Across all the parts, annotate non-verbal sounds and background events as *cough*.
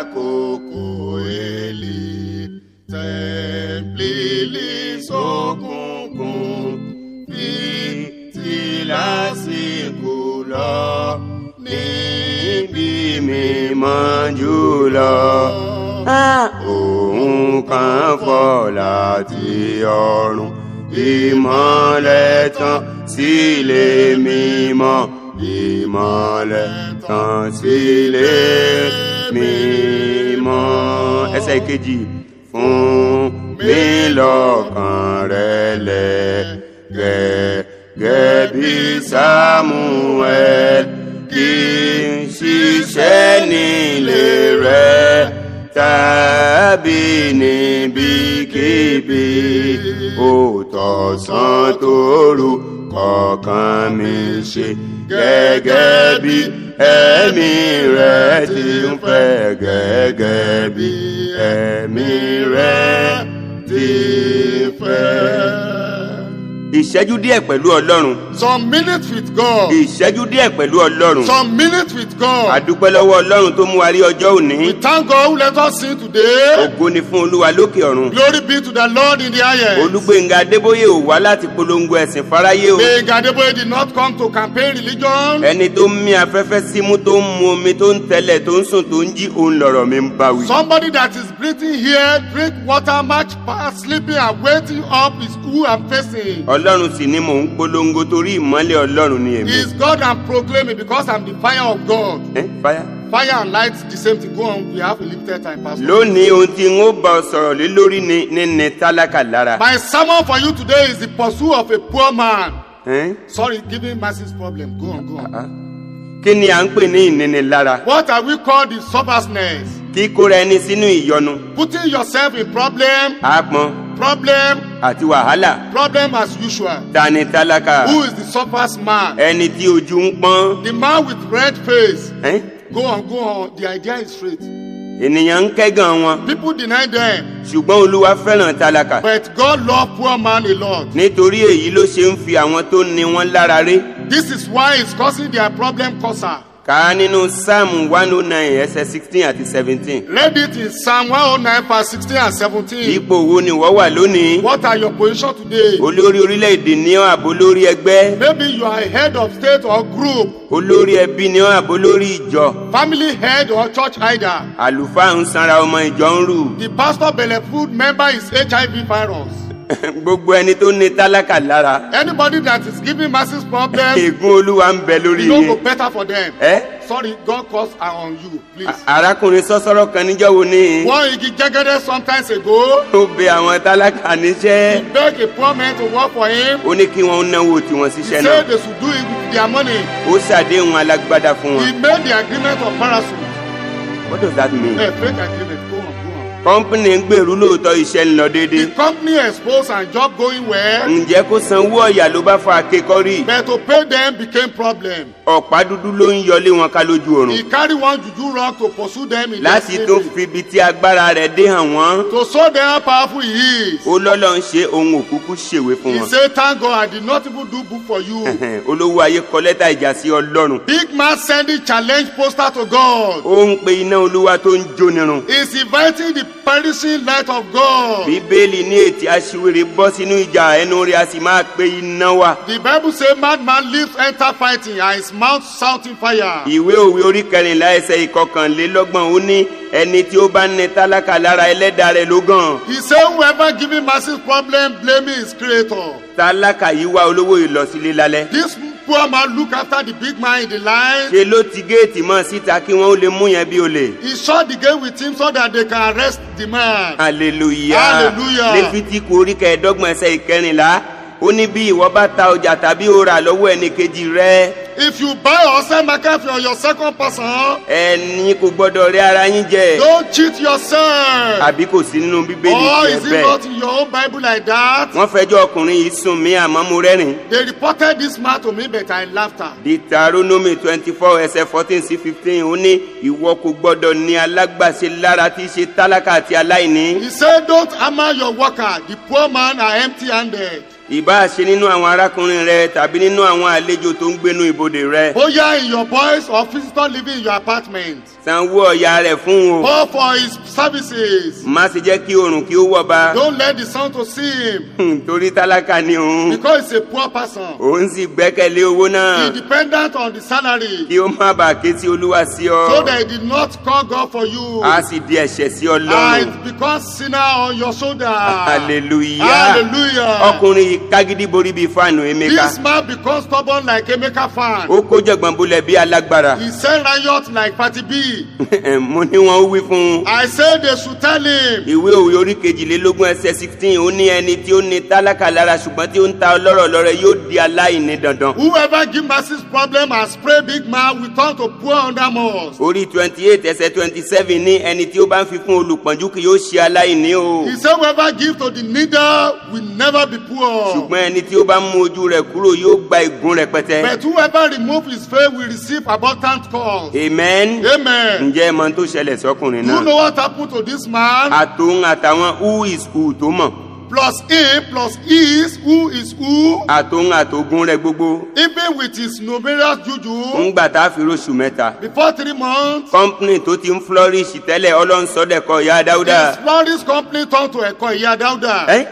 lákòókò èlì tẹ̀pìlì sókùnkùn fi ti lásìkò lọ níbi mímọ́ jùlọ. òun kan fọ́ láti ọ̀run ìmọ̀lẹ̀ sílé mímọ́ ìmọ̀lẹ̀ tàn mi mo, ẹsẹ̀ kejì fun mi lọ́kàn rẹ̀ ge ge bí Samuel kì í ṣiṣẹ́ nílé rẹ̀ tàbí níbikíbi òtọ̀sán tóru kọ̀ọ̀kan mi ṣe gẹ́gẹ́ bí ẹ̀mí rẹ̀ ti ń fẹ́ gẹ́gẹ́ bí ẹ̀mí rẹ̀ ti ń fẹ́ ìṣẹ́jú díẹ̀ pẹ̀lú ọlọ́run. some minutes with God. ìṣẹ́jú díẹ̀ pẹ̀lú ọlọ́run. some minutes with God. àdúpẹ́ lọ́wọ́ ọlọ́run tó mú wa rí ọjọ́ òní. we thank God let us sing today. ògo ni fún olúwa lókè ọ̀run. glory be to the Lord in the highest. olúgbénga adébóyè ò wá láti polongo ẹ̀sìn fáráyé o. gbénga adébóyè did not come to campaign religion. ẹni tó ń mí afẹ́fẹ́ símú tó ń mu omi tó ń tẹ̀lẹ̀ tó ń sùn tó ń jí òun lọ̀rọ̀ mi ń bá wí. somebody that is breathing here drink water match pass sleeping and waiting up is who I'm facing ọlọ́run sì ni mò ń polongo torí ìmọ́lẹ̀ ọlọ́run ni èmi. is God and proclaim it because I'm the fire of God. eh? fire. fire and light the same thing go on we have a limited time pastor. lónìí ohun tí n ó bá ọ sọ̀rọ̀ lé lórí ni níní tálákà lára. my sermon for you today is the pursuit of a poor man. Eh? sorry giving masses problem go on go on. Uh-huh. kí ni à ń pè ní ìnínilára. what are we called in sobersness. kíkóra ẹni sínú ìyọnu. putting yourself in problem. àpọn. Ah, problem. àti wàhálà. problem as usual. ta ni who is the suffers man. ẹni tí ojú ń pọ́n. the man with red face. Eh? go on go on the idea is straight. ènìyàn ń kẹ́gàn wọn. people deny them. ṣùgbọ́n olúwa fẹ́ràn tálákà. but God love poor man a lot. nítorí èyí ló ṣe ń fi àwọn tó ní wọn lára rí. this is why he is causing their problem causer kà á nínú psalm one oh nine ẹsẹ̀ sixteen àti seventeen. read it psalm one oh nine verse sixteen and seventeen. ipò wo ni wọ́n wà lónìí. what are your position today. olórí orílẹ̀-èdè ni ọ́ àbò lórí ẹgbẹ́. maybe you are head of state or group. olórí ẹbí ni ọ́ àbò lórí ìjọ. family head or church leader. àlùfáà ń sanra ọmọ ìjọ ń rù. the pastor belle food member is hiv virus gbogbo ẹni tó ní tálákà lára. anybody that is giving masses problems, ègún olúwa ń bẹ lórí yẹn. you no go better for them. Eh? sorry God curse am on you please. arákùnrin sọ́sọ́rọ́ kan níjọ́ wo ni. wọ́n igi jẹ́gẹ́dẹ́ sometimes ago. ó bẹ àwọn tálákà níṣẹ́. he beg a poor man to work for him. ó ní kí wọ́n náwó tiwọn síṣẹ́ náà. he say they should do it with their money. ó ṣàdéhùn alágbádá fún wọn. he made the agreement of parasol. what does that mean. a fake agreement go on kọ́ńpìnì ń gbèrú lóòótọ́ iṣẹ́ ń lọ déédéé. the company exposed and job going well. ǹjẹ́ kó sanwó ọ̀yà ló bá fa akékọ́rí. but to pay them became problem. ọ̀pá dúdú ló ń yọlé wọn ká lójú oorun. he carry one juju rock to pursue them in their sleep. láti tún fi ibi tí agbára rẹ̀ dé hàn wọ́n. to show them how powerful he is. ó lọ́lọ́ ń ṣe ohun òkúkú ṣèwé fún wọn. he say thank God I did not even do book for you. *laughs* olówó ayé kọ lẹ́tà ìjà sí ọlọ́run. big man sending challenge poster to God. ó ń pe iná olúwa tó ń jónirun. he is inviting the perishing light of God. Bíbélì ní ètí aṣiwèrè bọ́ sínú ìjà ẹnu rẹ̀ a sì máa pe iná wá. The Bible say mad man lives enter fighting and his mouth shouting fire. Ìwé òwe orí kẹrìnlá ẹsẹ̀ ìkọkànlélọ́gbọ̀n ó ní ẹni tí ó bá ní tálákà lára ẹlẹ́dàá rẹ̀ ló gàn. He say whoever me massive problem me. his creator. Tálákà yìí wá olówó ìlọsílẹ̀ lálẹ́. This poor man look after the big man in the line. ṣe ló ti géètì mọ́ síta kí wọ́n lè mú yẹn bí olè. he saw the gate with him so that they can arrest the man. hallelujah hallelujah. lẹ́fítíkù orí kẹẹ̀ẹ́dọ́gbọ̀n ẹsẹ̀ ìkẹrìnlá ó ní bí ìwọ bá ta ọjà tàbí ó rà lọ́wọ́ ẹnìkejì rẹ if you buy or sell market for your second person. ẹni kò gbọdọ̀ rẹ ara yín jẹ. don't cheat yourself. àbí kò sí nínú bíbélì tiẹ̀ bẹ́ẹ̀. or oh, is it not in your own bible like that. wọ́n fẹjọ́ ọkùnrin yìí sùn mí àmọ́ mo rẹ́rìn. they reported this matter to me but I laughed at. Deuteronomy twenty four ẹsẹ̀ fourteen sí fifteen ó ní ìwọ kò gbọdọ̀ ní alágbàṣe lára tí í ṣe tálákà àti aláìní. he said don't hammer your worker the poor man are empty handed ìbá ṣe nínú àwọn arákùnrin rẹ tàbí nínú àwọn àlejò tó ń gbénu ibodè rẹ. bóyá your boys or visitors living in your apartment. sanwó ọ̀yà rẹ̀ fún o. call for his services. má ṣe jẹ́ kí oòrùn kí ó wọ̀ bá. don't let the sun to see him. *laughs* torí tálákà ni òun. because he's a poor person. òun sì gbẹ́kẹ̀lé owó náà. he on the salary. kí ó má bàa ké sí olúwa sí ọ. so that he did not call God for you. a sì di ẹ̀ṣẹ̀ sí ọlọ́run. and because sinner on your shoulder. hallelujah. hallelujah. ọkùnrin yìí kagidi borí bíi fáànù emeka. this man become stubborn like emeka fan. ó kó jọ̀gbọ́n bolẹ̀ alágbára. he send riot like party b. mo ní wọn wí fún un. i say they should tell him. ìwé òwe orí ẹsẹ̀ sixteen ó ní ẹni tí ó ní tálákà lára ṣùgbọ́n tí ó ń ta ọlọ́rọ̀ lọ́rẹ̀ yóò di aláìní dandan. whoever give masses problem and spray big man will turn to poor under must. orí twenty eight ẹsẹ̀ twenty seven ní ẹni tí ó bá ń fi fún olùpọ̀njú kì yóò ṣe aláìní o. he say whoever give to the needy will never be poor ṣùgbọ́n ẹni tí ó bá mú ojú rẹ̀ kúrò yóò gba ìgún rẹpẹtẹ. but whoever remove his veil will receive abundant corn. amen. amen. ǹjẹ́ ẹ mọ̀ tó ṣẹlẹ̀ sọ́kùnrin náà. do know what happened to this man. àtòun àtàwọn who is who tó mọ̀ plus A plus his e who is who. àtòun àtògùn rẹ̀ gbogbo. even with his numerous juju. ń gbà tá a fi roṣù mẹ́ta. before three months. company tó ti ń flourish tẹ́lẹ̀ ọlọ́run sọ́dẹ̀kọ̀ ìyá dáúdà. his flourish company turn to ẹ̀kọ́ ìyá dáúdà. Eh?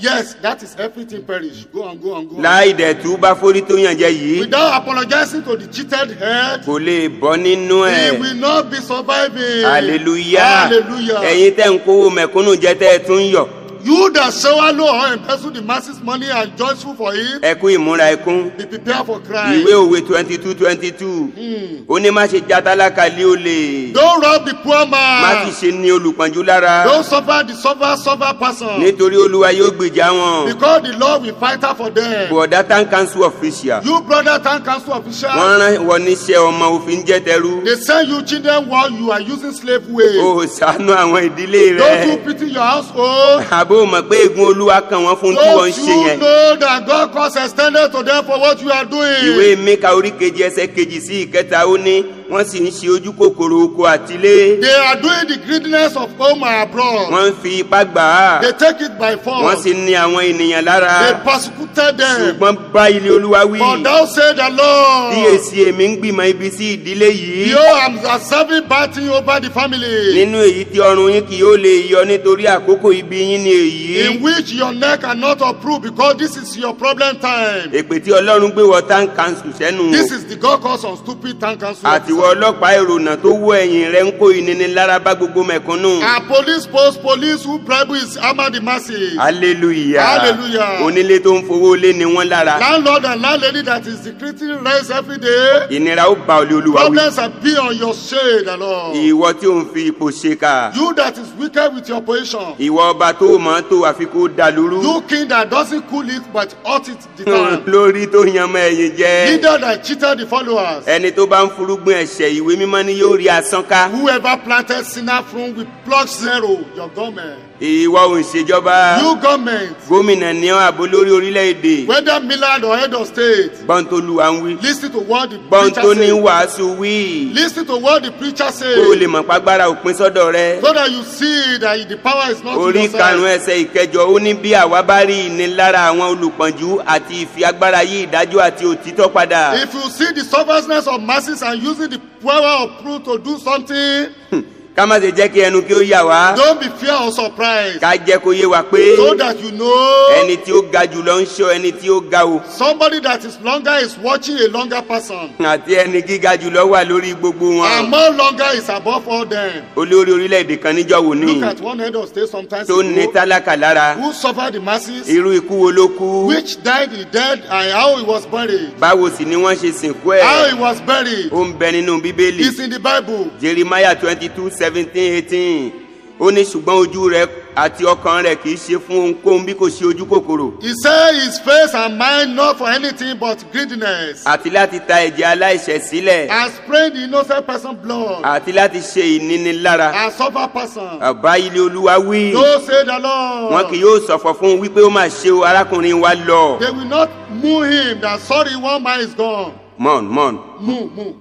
yes that is everything perish go on go on go on. láì dẹ̀ tú bá forí tó yàn yìí. without apologizing to the cheated head. kò lè bọ́ nínú ẹ̀. he will not be surviving. hallelujah hallelujah ẹ̀yin tẹ́ ń kówó mẹ̀kúnnù jẹ tẹ́ ẹ tún yọ̀. You that shower law and embezzle the masses money and joyful for it. Ẹkún ìmúra ẹkún. Be prepared for crime. Ìwé òwe twenty two twenty two. Hmm. Ó ní má ṣe játálákà lé olè. Don't rob the poor man. Má ti ṣe ni olùpọ́njú lára. Don't suffer the suffer suffer person. Nítorí Olúwa yóò gbèjà wọn. Because the law will fight for them. Bọ̀dá town council official. You brother town council official. Wọ́n rán wọ níṣẹ́ ọmọ òfin jẹ́ tẹrú. They send you children while you are using slave way. O ṣàánú àwọn ìdílé rẹ. Don't do pity your household. *laughs* àbó mọ̀ pé egun olúwa kan wọn fún tí wọ́n ṣe yẹn. don't you know that God cause extended to them for what you are doing. ìwé mi ka orí kejì ẹsẹ̀ kejì sí ìkẹta ó ní wọ́n sì ń ṣe ojú kòkòrò oko àtilé. they are doing the greediness of home abroad. wọ́n ń fi ipá gbà á. they take it by force. wọ́n sì ní àwọn ènìyàn lára. they persecuted them. ṣùgbọ́n bá ilé olúwa wí. but thou say the lord. bí èsì èmi ń gbìmọ̀ ibi sí ìdílé yìí. you are observing battle over the family. nínú èyí tí ọrùn yín kì yóò lè yọ nítorí àkókò ibi yín ni èyí. in which your neck cannot approve because this is your problem time. èpè tí ọlọ́run gbé wọ tank council sẹ́nu. this is the God cause on stupid tank council. àti ìwọ ọlọ́pàá ìrònà tó wọ ẹ̀yìn rẹ̀ ń kó ìnínilára bá gbogbo mẹ̀kúnnù. our police post police who bribe is hammer the masses. hallelujah hallelujah. onílé tó ń fowó lé ni wọ́n lára. landlord and landlady that is decreasing rent every day. ìnira ó ba olè olúwa wí. problems are be on your shade alone. ìwọ tí ò ń fi ipò ṣe ká. you that is wicked with your position. ìwọ ọba tó mọ̀ tó àfikún dàlúrú. you king that doesn't cool it but hot it the hmm, time. lórí tó yan ẹyin jẹ́. leader that cheated the followers. ẹni tó bá ń furugbin ẹ̀ ẹ̀ṣẹ̀ ìwé mímọ́ ni yóò rí asán ká. whoever planted sinner fruit will pluck zero your government. ìwọ ò ń ṣèjọba. you government. gómìnà ní ààbò lórí orílẹ̀-èdè. whether millard or head of state. gbọ́ntolúwa ń wí. lis ten to what the preacher say. gbọ́ntoni wàásù wí. lis ten to what the preacher say. kó o lè mọ̀ pàgbára òpin sọ́dọ̀ rẹ. so that you see that the power is not in your side. orí karùn-ún ẹsẹ̀ ìkẹjọ ó ní bí àwa bá rí ìnilára àwọn olùpọ̀njú àti ìfi agbára yí ìdájọ́ àti òtítọ́ padà. if you see the stubbornness of masses and using the the power of proof to do something. Hmm ká má ṣe jẹ́ ẹnu kí ó yà wá. don't be fear or surprise. ká jẹ́ kó yé wa pé. so that you know. ẹni tí ó ga jùlọ ń ṣọ́ ẹni tí ó ga o. somebody that is longer is watching a longer person. àti ẹni gíga jùlọ wà lórí gbogbo wọn. and more longer is above all them. olórí orílẹ̀-èdè kan níjọ́ wo ni. look at one head of state sometimes. tó ní tálákà lára. who suffered the masses. irú ikú wo ló kú. which died the dead and how he was buried. báwo sì ni wọ́n ṣe sìnkú ẹ̀. how he was buried. ó ń bẹ nínú bíbélì. it's in the bible. jeremiah twenty two seven seventeen eighteen ó ní ṣùgbọ́n ojú rẹ̀ àti ọkàn rẹ̀ kì í ṣe fún ohunkóhun bí kò ṣe ojú kòkòrò. he say his face and mind not for anything but greediness. àti láti ta ẹ̀jẹ̀ aláìṣẹ̀ sílẹ̀. and spray the innocent person blood. àti láti ṣe ìnínilára. and suffer person. àbá ilé olúwa wí. no say the lord. wọn kì yóò ṣọ̀fọ̀ fún un wípé ó máa ṣe arákùnrin wa lọ. they will not move him that sorry one man is gone mourn mourn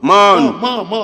mourn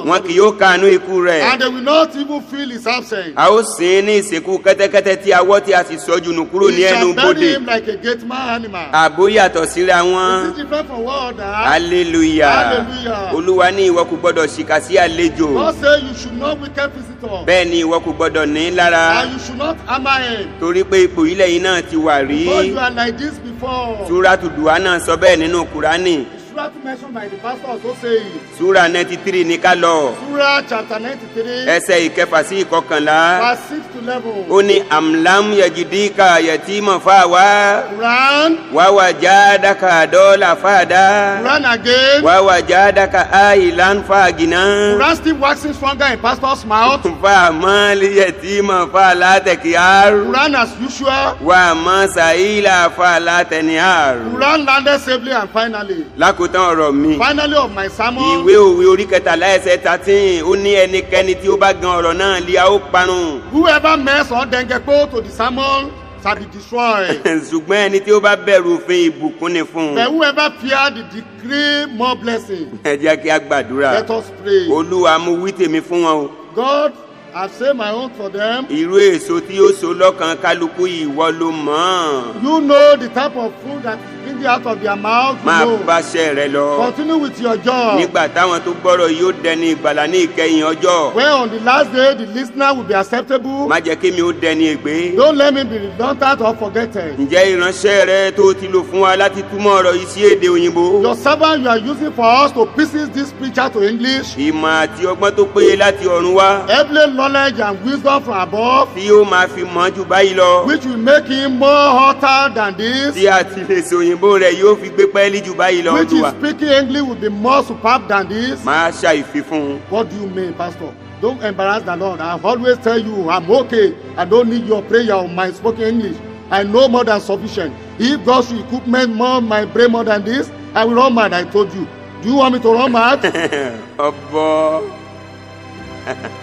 wọn kì yóò kàánú ikú rẹ̀. and they will not even feel his absence. a ó sin ní ìsìnkú kẹ́tẹ́kẹ́tẹ́ tí awọ́ tí a sì sọ́jú nu kúrò ní ẹnu bodè. he shall bury him like a gate man animal. àbó yàtọ̀ síra wọn. is it different from what another. hallelujah hallelujah. olúwa ní ìwọ kò gbọdọ̀ ṣìkà àlejò. God say you should not wicked visitor. bẹ́ẹ̀ ni ìwọ kò gbọdọ̀ ní lára. and you should not hammer him. torí pé ipò ilẹ̀ yìí náà ti wà rí. before you are like this before. túrátù dùwà náà sọ bẹ́ẹ̀ nínú kúránì surah mentioned by the pastors tó ṣe yìí. ninety three ní ká lọ. surah chapter ninety three. ẹsẹ̀ ìkẹfà sí ìkọkànlá. verse six to eleven. ó ní amlam yajidika yati yatima fawa. quran. wàwà jáadaka dọ́là fàdá. quran again. wàwà jáadaka ayilan fagina. quran still waxing stronger in pastor's mouth. fàmà *laughs* yatima fàlà tẹ̀kíyàr. quran as usual. wàmà sàyílà fàlà tẹ̀níyàr. quran landed safely and finally. lákòó àkótán ọ̀rọ̀ mi. finally of my sermon. ìwé òwe orí kẹtàlá ẹsẹ̀ thirteen ó ní ẹnikẹ́ni tí ó bá gan ọ̀rọ̀ náà lé a ó parun. whoever mess or denge go to the sermon shall be destroyed. *laughs* ṣùgbọ́n ẹni tí ó bá bẹ̀rù òfin ìbùkún ni fún. but whoever fear the decree more blessing. ẹ jẹ́ kí a gbàdúrà. let us pray. olúwa mú wí tèmi fún wọn o. God I've saved my own for them. Irú èso tí ó so lọ́kàn kálukú ìwọ ló mọ̀. You know the type of food that letting the out of their mouth. máa bá ṣẹ́ rẹ lọ. continue with your job. nígbà táwọn tó gbọ́rọ̀ yóò dẹni ìgbàlà ní ìkẹyìn ọjọ́. where on the last day the listener will be acceptable. má jẹ́ kí mi ó dẹni ègbé. don't let me be redundant or forgetted. ǹjẹ́ ìránṣẹ́ rẹ tó ti lò fún wa láti túmọ̀ ọ̀rọ̀ yìí sí èdè òyìnbó. your servant you are using for us to pieces this preacher to English. ìmọ̀ àti ọgbọ́n tó péye láti ọ̀run wá. every knowledge and wisdom from above. tí ó máa fi mọ̀ ju báyìí lọ. which will make him more hotter than this. tí a ti lè sọ òyìnbó òyìnbó rẹ yóò fi gbé pẹ́ẹ́lí jù báyìí lọ. which is speaking English will be more superb than this. máa ṣa ìfifún. what do you mean pastor don't embarrass the lord i always tell you i'm okay i don't need your prayer or my spoken English i know more than sufficient if God's equipment more my brain more than this i will run mad i told you do you want me to run mad. *laughs* ọ̀bọ. *laughs*